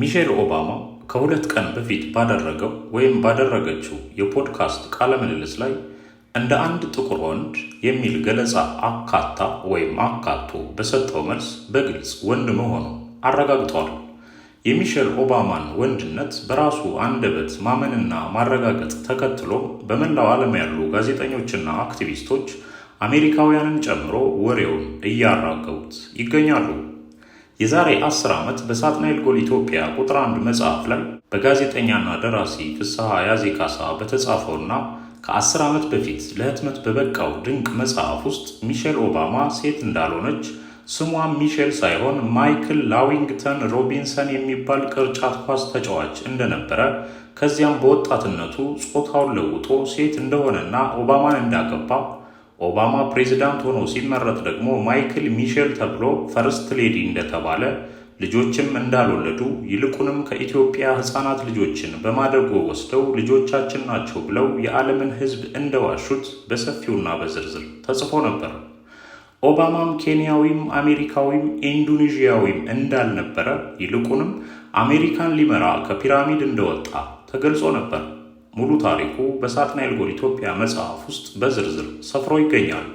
ሚሼል ኦባማ ከሁለት ቀን በፊት ባደረገው ወይም ባደረገችው የፖድካስት ቃለ ምልልስ ላይ እንደ አንድ ጥቁር ወንድ የሚል ገለጻ አካታ ወይም አካቶ በሰጠው መልስ በግልጽ ወንድ መሆኑን አረጋግጠዋል። የሚሼል ኦባማን ወንድነት በራሱ አንደበት ማመንና ማረጋገጥ ተከትሎ በመላው ዓለም ያሉ ጋዜጠኞችና አክቲቪስቶች አሜሪካውያንን ጨምሮ ወሬውን እያራገቡት ይገኛሉ። የዛሬ 10 ዓመት በሳጥናኤል ጎል ኢትዮጵያ ቁጥር አንድ መጽሐፍ ላይ በጋዜጠኛና ደራሲ ፍስሐ ያዜ ካሳ በተጻፈውና ከ10 ዓመት በፊት ለህትመት በበቃው ድንቅ መጽሐፍ ውስጥ ሚሼል ኦባማ ሴት እንዳልሆነች ስሟም ሚሼል ሳይሆን ማይክል ላዊንግተን ሮቢንሰን የሚባል ቅርጫት ኳስ ተጫዋች እንደነበረ ከዚያም በወጣትነቱ ጾታውን ለውጦ ሴት እንደሆነና ኦባማን እንዳገባ ኦባማ ፕሬዚዳንት ሆኖ ሲመረጥ ደግሞ ማይክል ሚሼል ተብሎ ፈርስት ሌዲ እንደተባለ ልጆችም እንዳልወለዱ ይልቁንም ከኢትዮጵያ ሕፃናት ልጆችን በማደጎ ወስደው ልጆቻችን ናቸው ብለው የዓለምን ሕዝብ እንደዋሹት በሰፊውና በዝርዝር ተጽፎ ነበር። ኦባማም ኬንያዊም አሜሪካዊም ኢንዶኔዥያዊም እንዳልነበረ ይልቁንም አሜሪካን ሊመራ ከፒራሚድ እንደወጣ ተገልጾ ነበር። ሙሉ ታሪኩ በሳትናኤል ጎል ኢትዮጵያ መጽሐፍ ውስጥ በዝርዝር ሰፍሮ ይገኛል።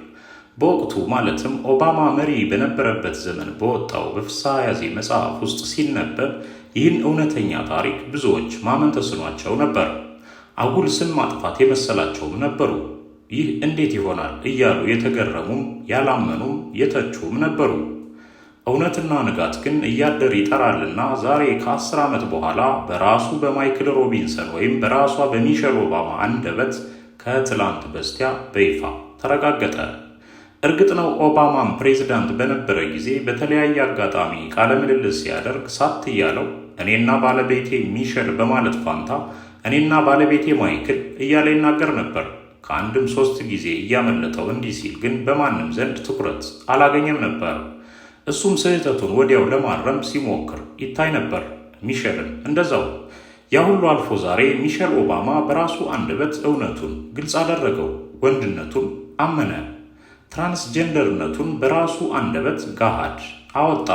በወቅቱ ማለትም ኦባማ መሪ በነበረበት ዘመን በወጣው በፍስሐ ያዜ መጽሐፍ ውስጥ ሲነበብ ይህን እውነተኛ ታሪክ ብዙዎች ማመን ተስኗቸው ነበር። አጉል ስም ማጥፋት የመሰላቸውም ነበሩ። ይህ እንዴት ይሆናል እያሉ የተገረሙም ያላመኑም የተቹም ነበሩ። እውነትና ንጋት ግን እያደር ይጠራልና ዛሬ ከአስር ዓመት በኋላ በራሱ በማይክል ሮቢንሰን ወይም በራሷ በሚሸል ኦባማ አንደበት ከትላንት በስቲያ በይፋ ተረጋገጠ። እርግጥ ነው ኦባማም ፕሬዚዳንት በነበረ ጊዜ በተለያየ አጋጣሚ ቃለ ምልልስ ሲያደርግ ሳት እያለው እኔና ባለቤቴ ሚሸል በማለት ፋንታ እኔና ባለቤቴ ማይክል እያለ ይናገር ነበር። ከአንድም ሶስት ጊዜ እያመለጠው እንዲህ ሲል ግን በማንም ዘንድ ትኩረት አላገኘም ነበር። እሱም ስህተቱን ወዲያው ለማረም ሲሞክር ይታይ ነበር። ሚሸልም እንደዛው። ያ ሁሉ አልፎ ዛሬ ሚሸል ኦባማ በራሱ አንደበት እውነቱን ግልጽ አደረገው፣ ወንድነቱን አመነ። ትራንስጀንደርነቱን በራሱ አንደበት ጋሃድ አወጣ።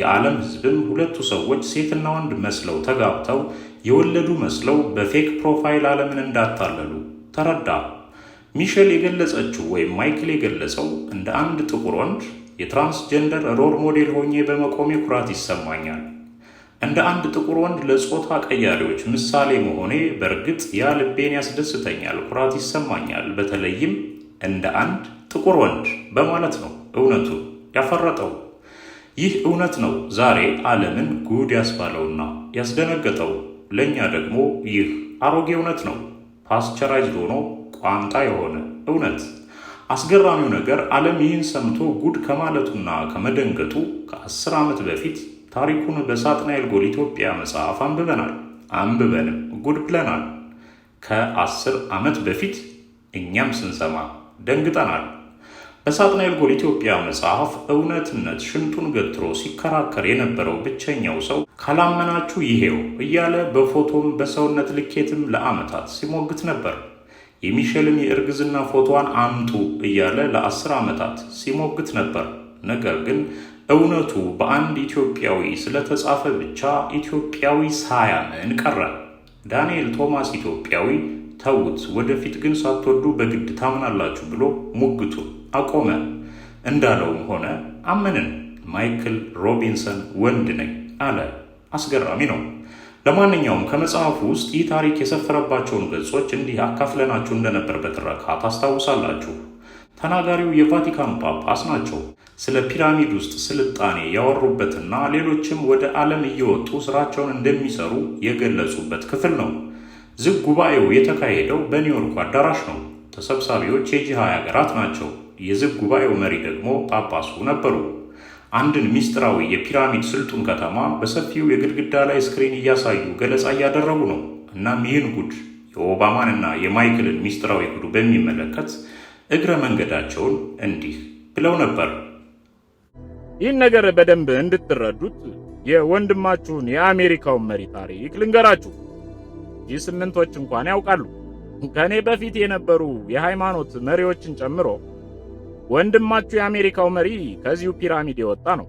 የዓለም ሕዝብም ሁለቱ ሰዎች ሴትና ወንድ መስለው ተጋብተው የወለዱ መስለው በፌክ ፕሮፋይል ዓለምን እንዳታለሉ ተረዳ። ሚሸል የገለጸችው ወይም ማይክል የገለጸው እንደ አንድ ጥቁር ወንድ የትራንስጀንደር ሮል ሞዴል ሆኜ በመቆሜ ኩራት ይሰማኛል። እንደ አንድ ጥቁር ወንድ ለጾታ ቀያሪዎች ምሳሌ መሆኔ በእርግጥ ያ ልቤን ያስደስተኛል፣ ኩራት ይሰማኛል። በተለይም እንደ አንድ ጥቁር ወንድ በማለት ነው እውነቱ ያፈረጠው። ይህ እውነት ነው ዛሬ ዓለምን ጉድ ያስባለውና ያስደነገጠው። ለእኛ ደግሞ ይህ አሮጌ እውነት ነው፣ ፓስቸራይዝድ ሆኖ ቋንጣ የሆነ እውነት አስገራሚው ነገር ዓለም ይህን ሰምቶ ጉድ ከማለቱና ከመደንገጡ ከአስር ዓመት በፊት ታሪኩን በሳጥናኤል ጎል ኢትዮጵያ መጽሐፍ አንብበናል። አንብበንም ጉድ ብለናል። ከአስር ዓመት በፊት እኛም ስንሰማ ደንግጠናል። በሳጥናኤል ጎል ኢትዮጵያ መጽሐፍ እውነትነት ሽንጡን ገትሮ ሲከራከር የነበረው ብቸኛው ሰው ካላመናችሁ ይሄው እያለ በፎቶም በሰውነት ልኬትም ለዓመታት ሲሞግት ነበር። የሚሸልን የእርግዝና ፎቶዋን አምጡ እያለ ለአስር ዓመታት ሲሞግት ነበር። ነገር ግን እውነቱ በአንድ ኢትዮጵያዊ ስለተጻፈ ብቻ ኢትዮጵያዊ ሳያምን ቀረ። ዳንኤል ቶማስ ኢትዮጵያዊ ተውት፣ ወደፊት ግን ሳትወዱ በግድ ታምናላችሁ ብሎ ሙግቱ አቆመ። እንዳለውም ሆነ። አመንን። ማይክል ሮቢንሰን ወንድ ነኝ አለ። አስገራሚ ነው። ለማንኛውም ከመጽሐፉ ውስጥ ይህ ታሪክ የሰፈረባቸውን ገጾች እንዲህ አካፍለናችሁ እንደነበር በትረካ ታስታውሳላችሁ። ተናጋሪው የቫቲካኑ ጳጳስ ናቸው። ስለ ፒራሚድ ውስጥ ስልጣኔ ያወሩበትና ሌሎችም ወደ ዓለም እየወጡ ስራቸውን እንደሚሰሩ የገለጹበት ክፍል ነው። ዝግ ጉባኤው የተካሄደው በኒውዮርኩ አዳራሽ ነው። ተሰብሳቢዎች የጂ ሀገራት ናቸው። የዝግ ጉባኤው መሪ ደግሞ ጳጳሱ ነበሩ። አንድን ሚስጥራዊ የፒራሚድ ስልጡን ከተማ በሰፊው የግድግዳ ላይ ስክሪን እያሳዩ ገለጻ እያደረጉ ነው። እናም ይህን ጉድ የኦባማን የማይክልን ሚስጥራዊ ጉዱ በሚመለከት እግረ መንገዳቸውን እንዲህ ብለው ነበር። ይህን ነገር በደንብ እንድትረዱት የወንድማችሁን የአሜሪካውን መሪ ታሪክ ልንገራችሁ። ይህ ስምንቶች እንኳን ያውቃሉ። ከእኔ በፊት የነበሩ የሃይማኖት መሪዎችን ጨምሮ ወንድማችሁ የአሜሪካው መሪ ከዚሁ ፒራሚድ የወጣ ነው።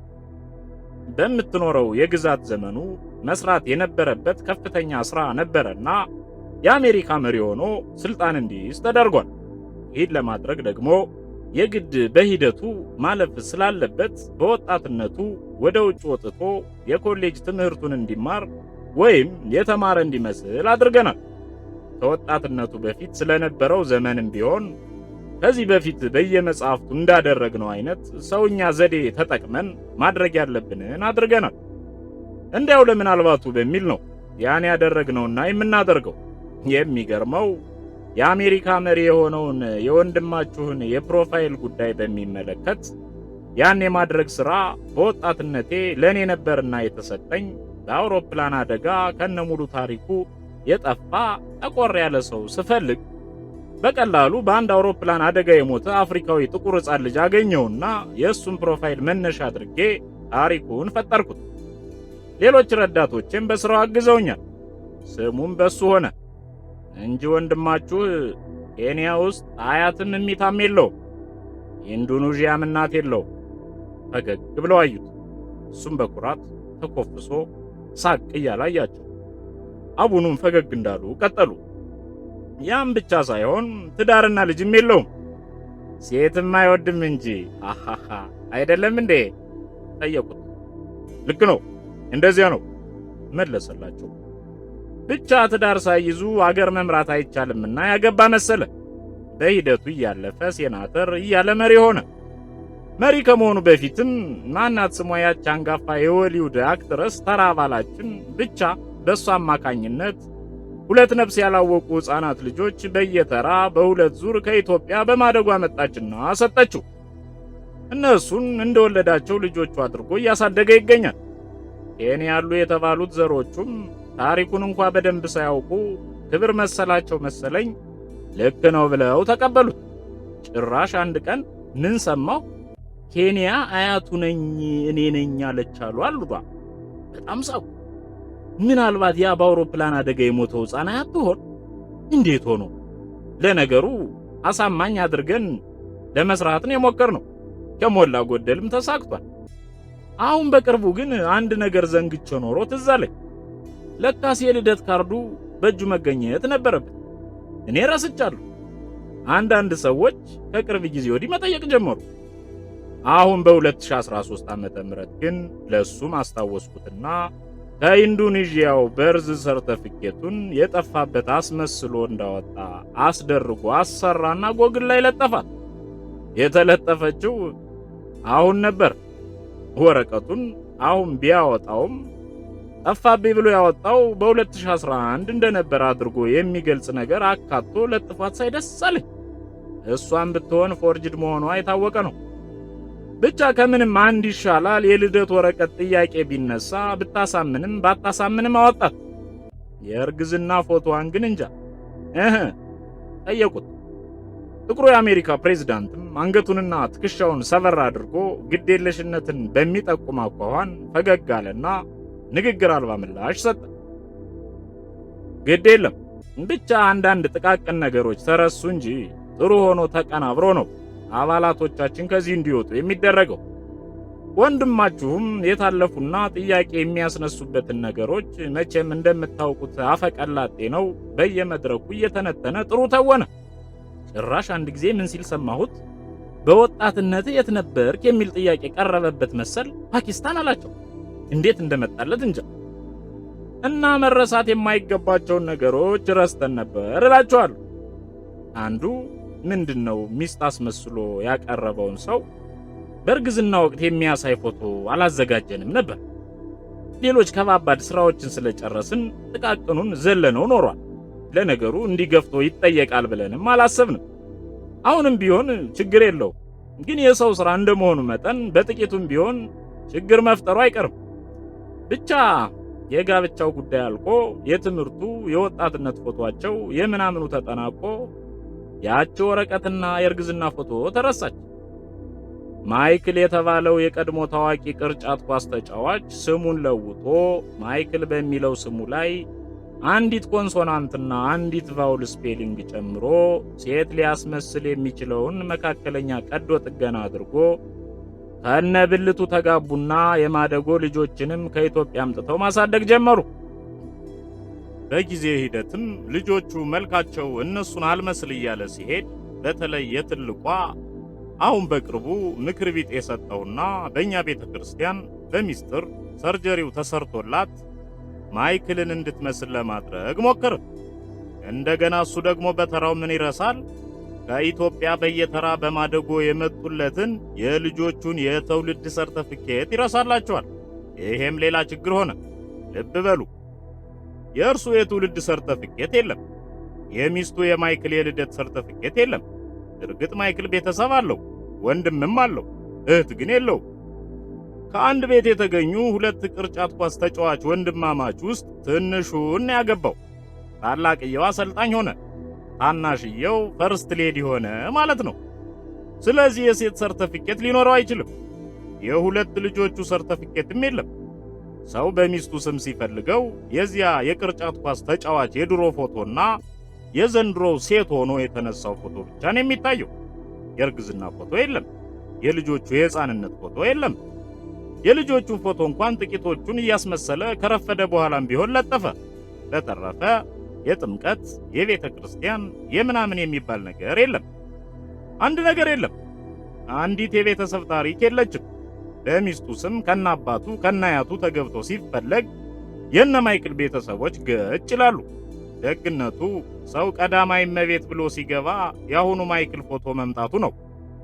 በምትኖረው የግዛት ዘመኑ መስራት የነበረበት ከፍተኛ ስራ ነበረና የአሜሪካ መሪ ሆኖ ስልጣን እንዲይዝ ተደርጓል። ይህን ለማድረግ ደግሞ የግድ በሂደቱ ማለፍ ስላለበት በወጣትነቱ ወደ ውጭ ወጥቶ የኮሌጅ ትምህርቱን እንዲማር ወይም የተማረ እንዲመስል አድርገናል። ከወጣትነቱ በፊት ስለነበረው ዘመንም ቢሆን ከዚህ በፊት በየመጽሐፍቱ እንዳደረግነው አይነት ሰውኛ ዘዴ ተጠቅመን ማድረግ ያለብንን አድርገናል። እንዲያው ለምናልባቱ በሚል ነው ያን ያደረግነውና የምናደርገው። የሚገርመው የአሜሪካ መሪ የሆነውን የወንድማችሁን የፕሮፋይል ጉዳይ በሚመለከት ያን የማድረግ ሥራ በወጣትነቴ ለእኔ ነበርና የተሰጠኝ። በአውሮፕላን አደጋ ከነሙሉ ታሪኩ የጠፋ ጠቆር ያለ ሰው ስፈልግ በቀላሉ በአንድ አውሮፕላን አደጋ የሞተ አፍሪካዊ ጥቁር ሕፃን ልጅ አገኘውና የእሱን ፕሮፋይል መነሻ አድርጌ ታሪኩን ፈጠርኩት። ሌሎች ረዳቶችም በሥራው አግዘውኛል። ስሙም በሱ ሆነ እንጂ ወንድማችሁ ኬንያ ውስጥ አያትም እሚታም የለው ኢንዶኔዥያም እናት የለው ፈገግ ብለው አዩት። እሱም በኩራት ተኮፍሶ ሳቅ እያለ አያቸው። አቡኑም ፈገግ እንዳሉ ቀጠሉ። ያም ብቻ ሳይሆን ትዳርና ልጅም የለውም። ሴትም አይወድም እንጂ አሃሃ አይደለም እንዴ? ጠየቁት። ልክ ነው፣ እንደዚያ ነው መለሰላቸው። ብቻ ትዳር ሳይይዙ አገር መምራት አይቻልምና ያገባ መሰለ። በሂደቱ እያለፈ ሴናተር እያለ መሪ ሆነ። መሪ ከመሆኑ በፊትም ማናት ስሟ ያች አንጋፋ የወሊውድ አክትረስ ተራ አባላችን ብቻ በሷ አማካኝነት ሁለት ነፍስ ያላወቁ ሕፃናት ልጆች በየተራ በሁለት ዙር ከኢትዮጵያ በማደጓ አመጣችና ሰጠችው። እነሱን እንደወለዳቸው ልጆቹ አድርጎ እያሳደገ ይገኛል። ይህን ያሉ የተባሉት ዘሮቹም ታሪኩን እንኳ በደንብ ሳያውቁ ክብር መሰላቸው መሰለኝ ልክ ነው ብለው ተቀበሉት። ጭራሽ አንድ ቀን ምን ሰማሁ፣ ኬንያ አያቱ ነኝ እኔ ነኝ አለች አሉ በጣም ሳቁ። ምናልባት ያ በአውሮፕላን አደጋ የሞተው ሕፃን አያት እንዴት ሆኖ? ለነገሩ አሳማኝ አድርገን ለመስራትን ነው! ከሞላ ጎደልም ተሳክቷል። አሁን በቅርቡ ግን አንድ ነገር ዘንግቼ ኖሮ ትዝ አለኝ። ለካስ የልደት ካርዱ በእጁ መገኘት ነበረበት። እኔ ረስቻለሁ። አንዳንድ ሰዎች ከቅርብ ጊዜ ወዲህ መጠየቅ ጀመሩ። አሁን በ2013 ዓ.ም ግን ለሱ አስታወስኩትና። ከኢንዶኔዥያው በርዝ ሰርተፊኬቱን የጠፋበት አስመስሎ እንዳወጣ አስደርጎ አሰራና ጎግል ላይ ለጠፋት። የተለጠፈችው አሁን ነበር። ወረቀቱን አሁን ቢያወጣውም ጠፋብኝ ብሎ ያወጣው በ2011 እንደነበር አድርጎ የሚገልጽ ነገር አካቶ ለጥፏት ሳይደስ አለኝ። እሷም ብትሆን ፎርጅድ መሆኗ የታወቀ ነው። ብቻ ከምንም አንድ ይሻላል። የልደት ወረቀት ጥያቄ ቢነሳ ብታሳምንም ባታሳምንም አወጣት። የእርግዝና ፎቶዋን ግን እንጃ እህ ጠየቁት። ጥቁሩ የአሜሪካ ፕሬዝዳንትም አንገቱንና ትከሻውን ሰበር አድርጎ ግዴለሽነትን በሚጠቁም አኳኋን ፈገግ አለና ንግግር አልባ ምላሽ ሰጠ። ግድ የለም ብቻ አንዳንድ ጥቃቅን ነገሮች ተረሱ እንጂ ጥሩ ሆኖ ተቀናብሮ ነው አባላቶቻችን ከዚህ እንዲወጡ የሚደረገው። ወንድማችሁም የታለፉና ጥያቄ የሚያስነሱበትን ነገሮች መቼም እንደምታውቁት አፈቀላጤ ነው። በየመድረኩ እየተነተነ ጥሩ ተወነ። ጭራሽ አንድ ጊዜ ምን ሲል ሰማሁት? በወጣትነት የት ነበርክ የሚል ጥያቄ ቀረበበት መሰል ፓኪስታን አላቸው። እንዴት እንደመጣለት እንጃ። እና መረሳት የማይገባቸውን ነገሮች ረስተን ነበር እላችኋለሁ። አንዱ ምንድን ነው ሚስት አስመስሎ ያቀረበውን ሰው በእርግዝና ወቅት የሚያሳይ ፎቶ አላዘጋጀንም ነበር። ሌሎች ከባባድ ስራዎችን ስለጨረስን ጥቃቅኑን ዘለነው ኖሯል። ለነገሩ እንዲገፍቶ ይጠየቃል ብለንም አላሰብንም። አሁንም ቢሆን ችግር የለው፣ ግን የሰው ስራ እንደመሆኑ መጠን በጥቂቱም ቢሆን ችግር መፍጠሩ አይቀርም። ብቻ የጋብቻው ጉዳይ አልቆ የትምህርቱ የወጣትነት ፎቶአቸው የምናምኑ ተጠናቆ ያች ወረቀትና የእርግዝና ፎቶ ተረሳች። ማይክል የተባለው የቀድሞ ታዋቂ ቅርጫት ኳስ ተጫዋች ስሙን ለውጦ ማይክል በሚለው ስሙ ላይ አንዲት ኮንሶናንትና አንዲት ቫውል ስፔሊንግ ጨምሮ ሴት ሊያስመስል የሚችለውን መካከለኛ ቀዶ ጥገና አድርጎ ከነ ብልቱ ተጋቡና የማደጎ ልጆችንም ከኢትዮጵያ አምጥተው ማሳደግ ጀመሩ። በጊዜ ሂደትም ልጆቹ መልካቸው እነሱን አልመስል እያለ ሲሄድ በተለይ የትልቋ አሁን በቅርቡ ምክር ቢት የሰጠውና በእኛ ቤተ ክርስቲያን በሚስጥር ሰርጀሪው ተሰርቶላት ማይክልን እንድትመስል ለማድረግ ሞከረ። እንደገና እሱ ደግሞ በተራው ምን ይረሳል? ከኢትዮጵያ በየተራ በማደጎ የመጡለትን የልጆቹን የትውልድ ሰርተፍኬት ይረሳላቸዋል። ይሄም ሌላ ችግር ሆነ። ልብ በሉ። የእርሱ የትውልድ ሰርተፍኬት የለም። የሚስቱ የማይክል የልደት ሰርተፍኬት የለም። እርግጥ ማይክል ቤተሰብ አለው፣ ወንድምም አለው፣ እህት ግን የለው። ከአንድ ቤት የተገኙ ሁለት ቅርጫት ኳስ ተጫዋች ወንድማማች ውስጥ ትንሹን ያገባው ታላቅየው አሰልጣኝ ሆነ፣ ታናሽየው ፈርስት ሌዲ ሆነ ማለት ነው። ስለዚህ የሴት ሰርተፍኬት ሊኖረው አይችልም። የሁለት ልጆቹ ሰርተፍኬትም የለም። ሰው በሚስቱ ስም ሲፈልገው የዚያ የቅርጫት ኳስ ተጫዋች የድሮ ፎቶና የዘንድሮው ሴት ሆኖ የተነሳው ፎቶ ብቻ ነው የሚታየው። የእርግዝና ፎቶ የለም። የልጆቹ የሕፃንነት ፎቶ የለም። የልጆቹን ፎቶ እንኳን ጥቂቶቹን እያስመሰለ ከረፈደ በኋላም ቢሆን ለጠፈ። በተረፈ የጥምቀት የቤተ ክርስቲያን የምናምን የሚባል ነገር የለም። አንድ ነገር የለም። አንዲት የቤተሰብ ታሪክ የለችም። በሚስቱ ስም ከና ከነአያቱ ተገብቶ ሲፈለግ የነ ማይክል ቤተሰቦች ገጭ ይላሉ። ደግነቱ ሰው ቀዳማይ እመቤት ብሎ ሲገባ የአሁኑ ማይክል ፎቶ መምጣቱ ነው።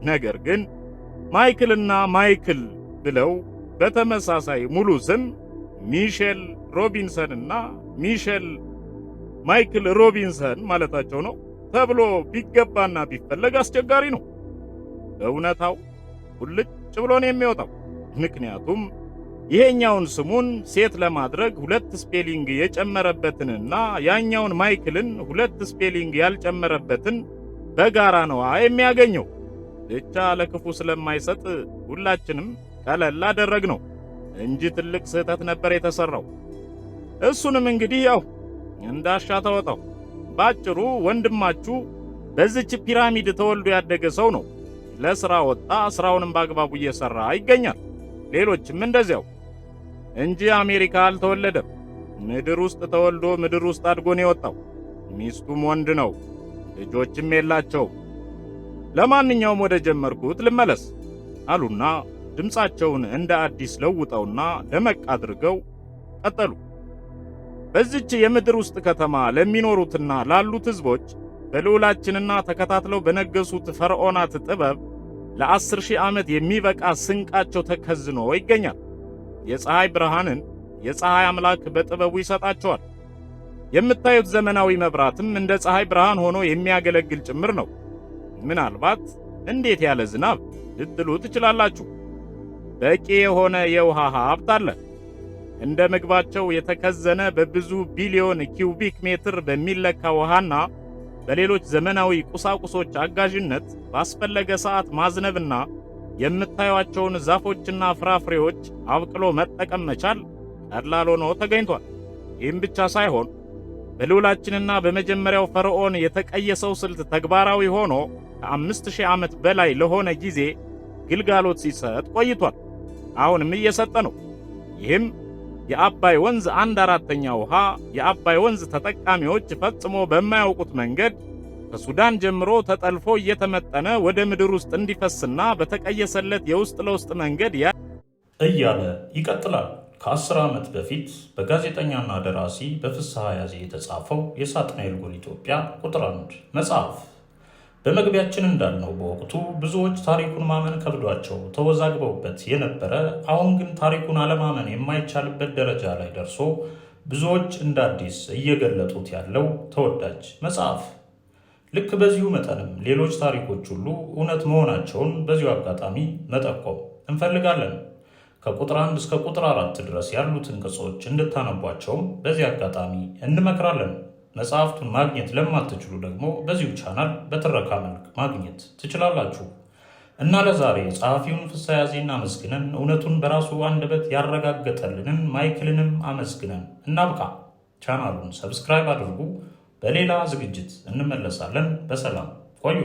ነገር ግን ማይክልና ማይክል ብለው በተመሳሳይ ሙሉ ስም ሚሼል ሮቢንሰን እና ሚሼል ማይክል ሮቢንሰን ማለታቸው ነው ተብሎ ቢገባና ቢፈለግ አስቸጋሪ ነው። በእውነታው ሁልጭ ብሎ የሚያወጣው። የሚወጣው። ምክንያቱም ይሄኛውን ስሙን ሴት ለማድረግ ሁለት ስፔሊንግ የጨመረበትንና ያኛውን ማይክልን ሁለት ስፔሊንግ ያልጨመረበትን በጋራ ነዋ የሚያገኘው። ብቻ ለክፉ ስለማይሰጥ ሁላችንም ቀለል ነው እንጂ ትልቅ ስህተት ነበር የተሰራው። እሱንም እንግዲህ ያው እንዳሻ ተወጣው። ባጭሩ ወንድማችሁ በዚች ፒራሚድ ተወልዶ ያደገ ሰው ነው። ለስራ ወጣ፣ ስራውንም በአግባቡ እየሰራ ይገኛል። ሌሎችም እንደዚያው እንጂ አሜሪካ አልተወለደም። ምድር ውስጥ ተወልዶ ምድር ውስጥ አድጎን የወጣው ሚስቱም ወንድ ነው፣ ልጆችም የላቸው ለማንኛውም ወደ ጀመርኩት ልመለስ አሉና ድምፃቸውን እንደ አዲስ ለውጠውና ደመቅ አድርገው ቀጠሉ። በዚች የምድር ውስጥ ከተማ ለሚኖሩትና ላሉት ሕዝቦች በልዑላችንና ተከታትለው በነገሱት ፈርዖናት ጥበብ ለአስር ሺህ ዓመት የሚበቃ ስንቃቸው ተከዝኖ ይገኛል። የፀሐይ ብርሃንን የፀሐይ አምላክ በጥበቡ ይሰጣቸዋል። የምታዩት ዘመናዊ መብራትም እንደ ፀሐይ ብርሃን ሆኖ የሚያገለግል ጭምር ነው። ምናልባት እንዴት ያለ ዝናብ ልትሉ ትችላላችሁ። በቂ የሆነ የውሃ ሀብት አለ። እንደ ምግባቸው የተከዘነ በብዙ ቢሊዮን ኪዩቢክ ሜትር በሚለካ ውሃና በሌሎች ዘመናዊ ቁሳቁሶች አጋዥነት ባስፈለገ ሰዓት ማዝነብና የምታዩቸውን ዛፎችና ፍራፍሬዎች አብቅሎ መጠቀም መቻል ቀላል ሆኖ ተገኝቷል። ይህም ብቻ ሳይሆን በልዑላችንና በመጀመሪያው ፈርዖን የተቀየሰው ስልት ተግባራዊ ሆኖ ከአምስት ሺህ ዓመት በላይ ለሆነ ጊዜ ግልጋሎት ሲሰጥ ቆይቷል። አሁንም እየሰጠ ነው። ይህም የአባይ ወንዝ አንድ አራተኛ ውሃ የአባይ ወንዝ ተጠቃሚዎች ፈጽሞ በማያውቁት መንገድ ከሱዳን ጀምሮ ተጠልፎ እየተመጠነ ወደ ምድር ውስጥ እንዲፈስና በተቀየሰለት የውስጥ ለውስጥ መንገድ ያ እያለ ይቀጥላል። ከአስር ዓመት በፊት በጋዜጠኛና ደራሲ በፍስሐ ያዜ የተጻፈው የሳጥናኤል ጎል ኢትዮጵያ ቁጥር አንድ መጽሐፍ በመግቢያችን እንዳልነው በወቅቱ ብዙዎች ታሪኩን ማመን ከብዷቸው ተወዛግበውበት የነበረ አሁን ግን ታሪኩን አለማመን የማይቻልበት ደረጃ ላይ ደርሶ ብዙዎች እንደ አዲስ እየገለጡት ያለው ተወዳጅ መጽሐፍ ልክ በዚሁ መጠንም ሌሎች ታሪኮች ሁሉ እውነት መሆናቸውን በዚሁ አጋጣሚ መጠቆም እንፈልጋለን። ከቁጥር አንድ እስከ ቁጥር አራት ድረስ ያሉትን ቅጾች እንድታነቧቸውም በዚህ አጋጣሚ እንመክራለን። መጽሐፍቱን ማግኘት ለማትችሉ ደግሞ በዚሁ ቻናል በትረካ መልክ ማግኘት ትችላላችሁ እና ለዛሬ ጸሐፊውን ፍስሐ ያዜን አመስግነን እውነቱን በራሱ አንደበት ያረጋገጠልንን ማይክልንም አመስግነን እናብቃ። ቻናሉን ሰብስክራይብ አድርጉ። በሌላ ዝግጅት እንመለሳለን። በሰላም ቆዩ።